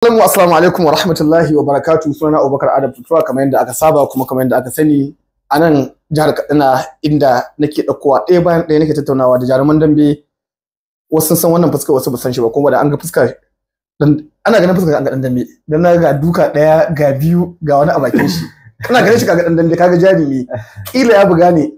Assalamu assalamu alaikum wa rahmatullahi wa barakatu sunana Abubakar Adam Tutuwa kamar yadda aka saba kuma kamar yadda aka sani a nan jihar kaduna inda nake ɗaukowa ɗaya bayan ɗaya nake tattaunawa da jaruman dambe wasu san wannan fuskar wasu ba san shi ba kuma da an ga fuskar ana ganin fuskar an ga dan dambe dan na ga duka ɗaya ga biyu ga wani a bakin shi kana ganin shi kaga dan dambe kaga jarumi kila ya buga ne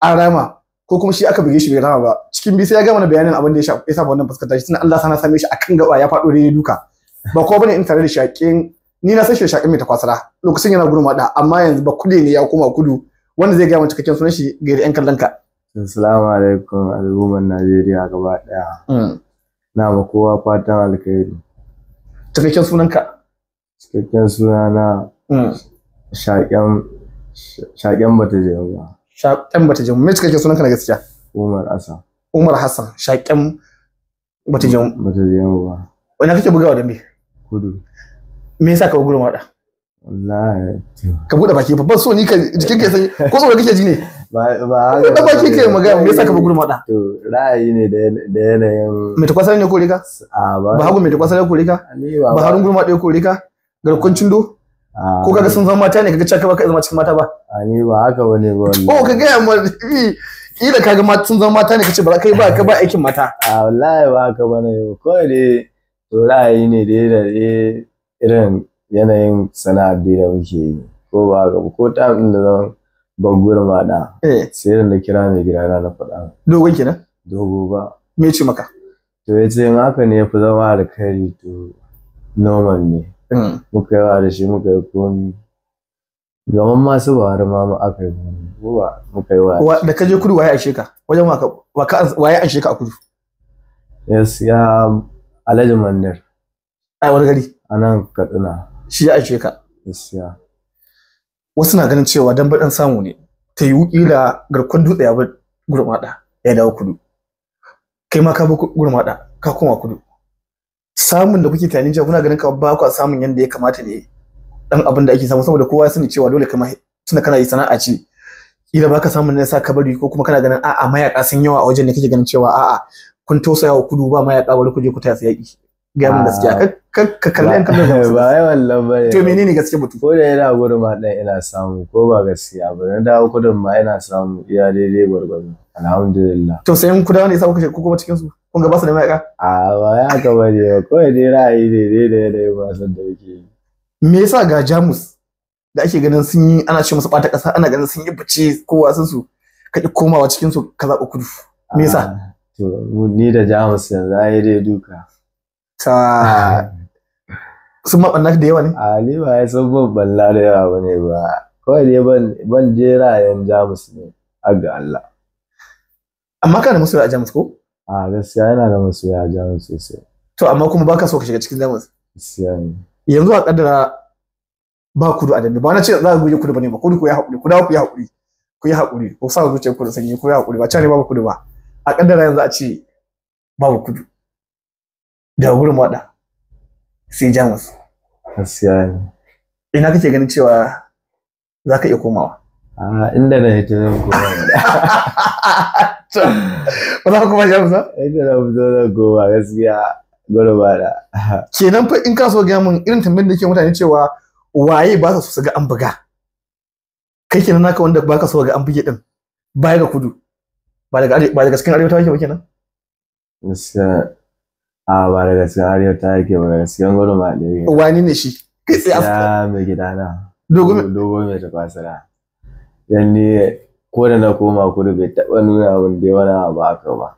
an rama ko kuma shi aka buge shi bai rama ba cikin bi sai ya ga mana bayanin abin da ya shafi wannan fuskar tashi tunda Allah sana same shi akan gaba ya faɗo da duka ba ko bane in tare da shaƙin ni na san shi shaƙin mai takwasara lokacin yana gudun wada amma yanzu ba kudi ne ya koma kudu wanda zai gaya mun cikakken sunan shi ga yan kallon ka assalamu alaikum al'umman Najeriya gaba daya mm. na ba kowa fatan alkhairi cikakken sunan ka cikakken sunana mm. shakin shakin bata je ba shakin bata je me cikakken sunan ka na gaskiya Umar Hassan Umar Hassan shakin bata bata je ba Wani kake bugawa da me? Kudu. Me yasa ka gurin wada? Wallahi. Ka buɗe baki fa ban so ni ka jikin ka sai ko tsoro kake ji ne? Ba ba. Ka baki ke magana me yasa ka gurin wada? To ra'ayi ne da da yanayin. Me ta kwasar ne ko rika? A ba. Ba hagu me ta kwasar ko rika? Ba harun gurma da ko rika? Garkon cindo? Ko kaga sun zama mata ne kaga cewa ka zama cikin mata ba? A ni ba haka bane ba wallahi. Oh kaga ya kila kaga sun zama mata ne kace ba kai ba ka ba aikin mata. A wallahi ba haka bane ko dai to ra'ayi ne dai da irin yanayin biyu da muke yi ko ba ga ko ta din da zan bagur ma da eh. sai da kira mai gida na na faɗa dogon kenan dogo ba me ce maka to ya ce haka ne ya fi zama da kari to normal ne hmm. muka yawa da shi muka yi komi gaban masu buhari ma mu aka yi ba, muka yi wa da kaje kudu waye a sheka wajen waka waye a sheka a kudu gaskiya Alhaji Mandir. Ai wani gari? A nan Kaduna. Shi ya aike ka? Gaskiya. Wasu na ganin cewa dan dan samu ne. Ta yi da garkon dutse ya bar gurmaɗa ya dawo kudu. Kai ma ka bi gurmaɗa ka koma kudu. Samun da kuke tunanin cewa kuna ganin ka ba ku samun yadda ya kamata ne dan abin da ake samu saboda kowa ya sani cewa dole kama tunda kana yi sana'a ce kila baka samun ne sa ka bari ko kuma kana ganin a'a mayaka sun yawa a wajen ne kake ganin cewa a'a kun tosa wa kudu ba ya kawo ku je ku taya su yaƙi ga mun gaskiya ka kalli an kallon ba ya wallan ba to menene gaskiya mutu ko da yana gudu ma dan ina samu ko ba gaskiya ba na dawo kudin ma ina samu iya daidai gwargwado alhamdulillah to sai in ku wani sai ku kashe ku kuma cikin su kun ga ba su da mayaka a ba ya ka bari ba ko dai ra'ayi ne dai da ba. san da yake me yasa ga jamus da ake ganin sun yi ana ce musu bata kasa ana ganin sun yi bace ko wasan su ka ki komawa cikin su ka zaɓa kudu me yasa ah, to ni da jamus yanzu ai dai duka ta sun maɓanna da yawa ne a ba ya san babban balla da yawa ba ne ba kawai ne ban jera yan jamus ne a ga Allah amma kana da musu a jamus ko a gaskiya yana da musu a jamus sosai to amma kuma baka so ka shiga cikin jamus gaskiya ne yanzu a kaddara ba kudu a dambe ba na ce za ku guje kudu ba ne ba kudu ku ya haƙuri ku dawo ku ya haƙuri ku ya haƙuri ku sa zuciyar ku da sanyi ku ya haƙuri ba can ne ba kudu ba a kaddara yanzu a ce babu kudu da gurin wada sai jamus ina kake ganin cewa za ka iya komawa inda na hito zan koma ba za ka koma jamus ba inda na fito zan koma gaskiya gwada ba da kenan fa in ka so gaya mun irin tambayar da ke mutane cewa waye ba su ga an buga kai kenan naka wanda ba ka so ga an buge din baya ga kudu ba daga cikin arewa yake ba kenan gaskiya a ba daga cikin arewa yake ba daga cikin gudu ma ɗaya wani ne shi kai tsaye a mai gida na dogo mai tafasira yan ne ko da na koma kudu bai taɓa nuna min dai wani abu haka ba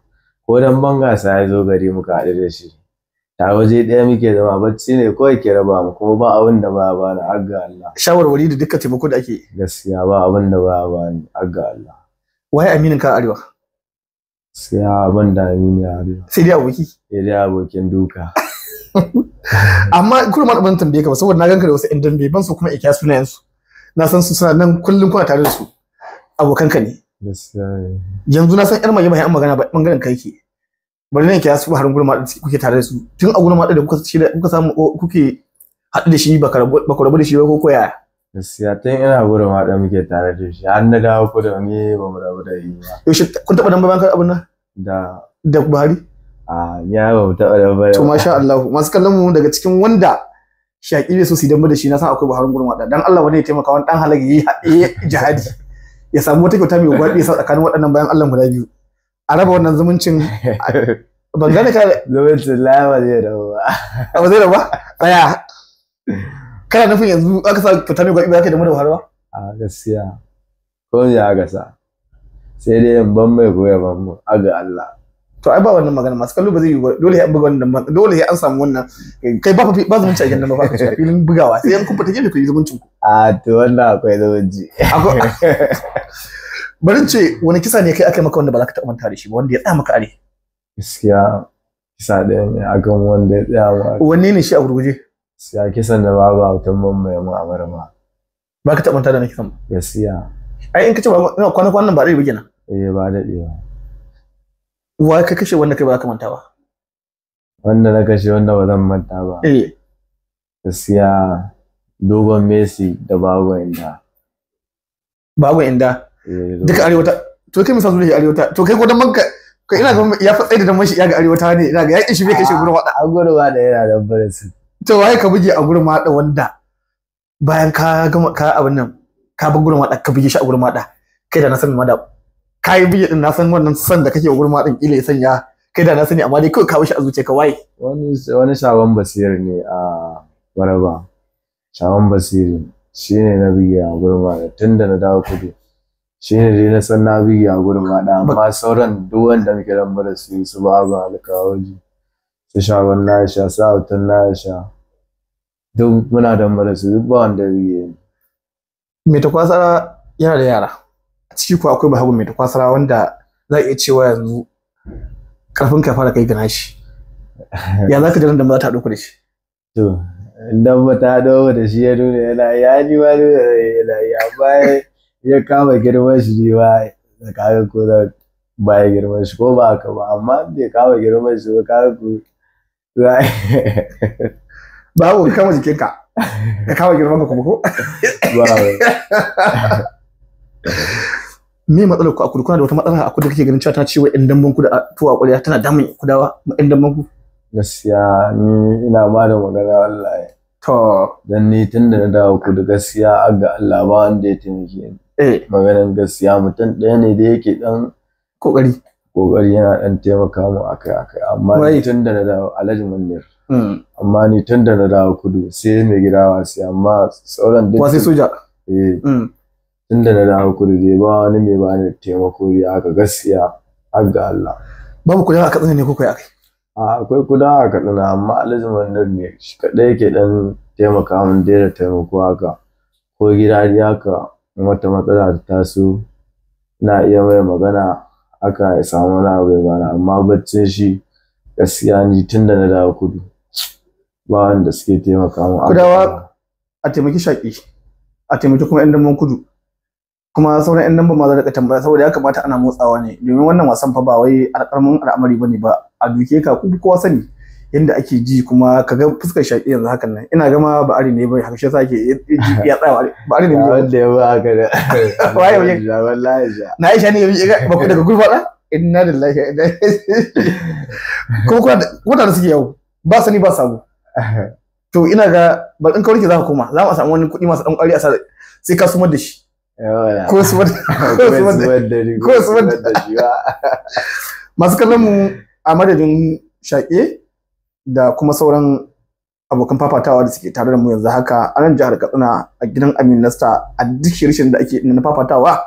ko dan ban gasa ya zo gari muka haɗu da shi ta waje ɗaya muke zama bacci ne kawai ke raba mu kuma ba abin da ba ba na agga Allah shawarwari da dukkan taimako da ake gaskiya ba abin da ba ba ni agga Allah waye aminin ka arewa Gaskiya ban dami amini a Arewa. Sai dai aboki. Sai dai abokin duka. Amma kuma ma ban tambaye ka ba saboda na ganka da wasu ƴan dambe ban so kuma ikiya sunayen su. Na san su suna nan kullum kuna tare da su. Abokanka ne. Yanzu na san ƴan magana ba an magana ba bangaren kai ke. Bari ne ikiya su har gurma da kuke tare da su. Tun a gurma da kuka kuka samu kuke haɗu da shi ba ku rabu da shi ba ko koya. gaskiya tun ina gudu ma da muke tare da shi har na dawo kudu ne ba mu rabu da yi ba yaushe kun taɓa dan bayan abin nan da da Buhari a ya ba mu taɓa dan bayan to masha Allah masu kallon mu daga cikin wanda shaƙi ne so su damba da shi na san akwai Buhari gurin wada dan Allah wani ya taimaka wani dan halagi ya jihadi ya samu wata kyauta mai gwaɗi sa tsakanin waɗannan bayan Allah guda biyu a raba wannan zumuncin ban gane ka zumuncin lama zai da ba ba zai da ba tsaya kana nufin yanzu aka sa fita mai gwaɓi ba ka damu da wahala a gaskiya ko ya aka sa sai dai in ban mai goya ban mu aga Allah to ai ba wannan magana masu kallo ba zai yi dole ya buga wannan dole ya an samu wannan kai ba ba zan a gidan ba ka shiga filin bugawa sai an kuma ta gefe ku yi zumuncin ku a to wannan akwai zumunci barin ce wani kisa ne kai aka maka wanda ba za ka taɓa manta da shi ba wanda ya tsaya maka are gaskiya kisa ɗaya ne a akan wanda ya tsaya maka wanne ne shi a gurguje Siya kisan da babu autan man mai mu amara ba. Ba ka taɓa da na kisan ba. Gaskiya. Ai in ka ce ina kwana kwanan ba da ba kenan. Eh ba daɗe ba. Wa ka kashe wanda kai ba ka manta ba. Wanda na kashe wanda ba zan manta ba. Eh. Gaskiya dogon Messi da babu inda. Babu inda. Eh, Duka arewata. to kai misali da arewata. to kai dan manka kai ina ah. ga ya fa tsaye da mashi ya ga arewata ne ina ga ya kishi bai kashe ah, gurin wada a gurin wada yana da barin to waye ka buge a gurin maɗa wanda bayan ka gama ka abin nan ka bar gurin maɗa ka buge shi a gurin maɗa kai da na sani maɗa ka yi buge din na san wannan san da kake a gurin maɗin kila ya sanya kai da na sani amma dai kawai ka shi a zuciya ka waye wani wani shaban basir ne a maraba shaban basir shine na buge a gurin maɗa tunda na dawo kudu shine dai na san na buge a gurin maɗa amma sauran duk wanda muke lambar su su ba ga alƙawaji. su shagon na sha sa'utun na sha duk muna dambara su duk ba wanda biye mai takwasara yana da yara a ciki ko akwai bahagun mai takwasara wanda za a iya cewa yanzu karfin ka fara kai gana shi ya za ka jiran da ba ta haɗu da shi to dan ba ta da shi ya nuna yana ya ji ma nuna yana ya baya ya kama girman shi ne ba da kayan ko da baya girman shi ko ba haka ba amma bai kama girman shi ba kawai. ko Bawo, ka kama jikinka ka kama girman ka kuma ko me matsalar ku a kudu kuna da wata matsala a kudu kake ganin cewa ta ciwo in damban ku da tuwa ƙwarya tana damun kudawa yan damban ku gaskiya ni ina ba da magana wallahi to dan ni tun da na dawo kudu gaskiya ga Allah ba wanda ya taimake ni eh. maganan gaskiya mutum ɗaya ne da yake dan kokari kokari yana dan taimaka mu akai akai amma ni tun da na dawo alhaji munir hmm. amma ni tun da na dawo kudu sai mai gida wasi amma sauran duk wasi soja eh hmm. tun da na dawo kudu dai ba wani mai ba ni taimako ya ga gaskiya har ga Allah babu kuɗi a katsina ne ko kai akai a akwai kuɗa a katsina amma alhaji munir ne shi kadai yake dan taimaka mun da taimako haka ko gida haka wata matsala ta taso na iya mai magana haka ya samu wani abu ya bana amma baccin shi gaskiya ni tun da na dawo kudu ba wanda suke taimaka mu kudawa a taimaki shaƙi a taimaki kuma yan damban kudu kuma sauran yan damban ma za ka tambaya saboda ya kamata ana motsawa ne domin wannan wasan fa ba wai alƙarmin al'amari bane ba a duke ka ku kowa sani yanda ake ji kuma kaga fuskar shaƙi yanzu hakan nan ina gama ba ari ne ba haka shi yasa ake ya tsaya ba ari ne ba wanda ya ba haka da waye waye wallahi na Aisha ne yabi ba ku daga gurfa da inna lillahi inna ilaihi ko ko da suke yau ba sani ba sabo to ina ga ba in kaurike za ka koma za mu samu wani kuɗi masu dan ƙwari a sai sai ka sumar da shi ko sumar da ko sumar da shi masu kallon mu a madadin shaƙe da kuma sauran abokan fafatawa da suke tare da mu yanzu haka a nan jihar Katsina a gidan Aminu Nasta a duk shirin da ake na fafatawa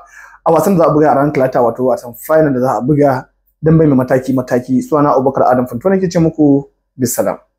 a wasan da za a buga a ranar Talata wato wasan final da za a buga dan bai mai mataki mataki suna Abubakar Adam Fantona ke ce muku bisalam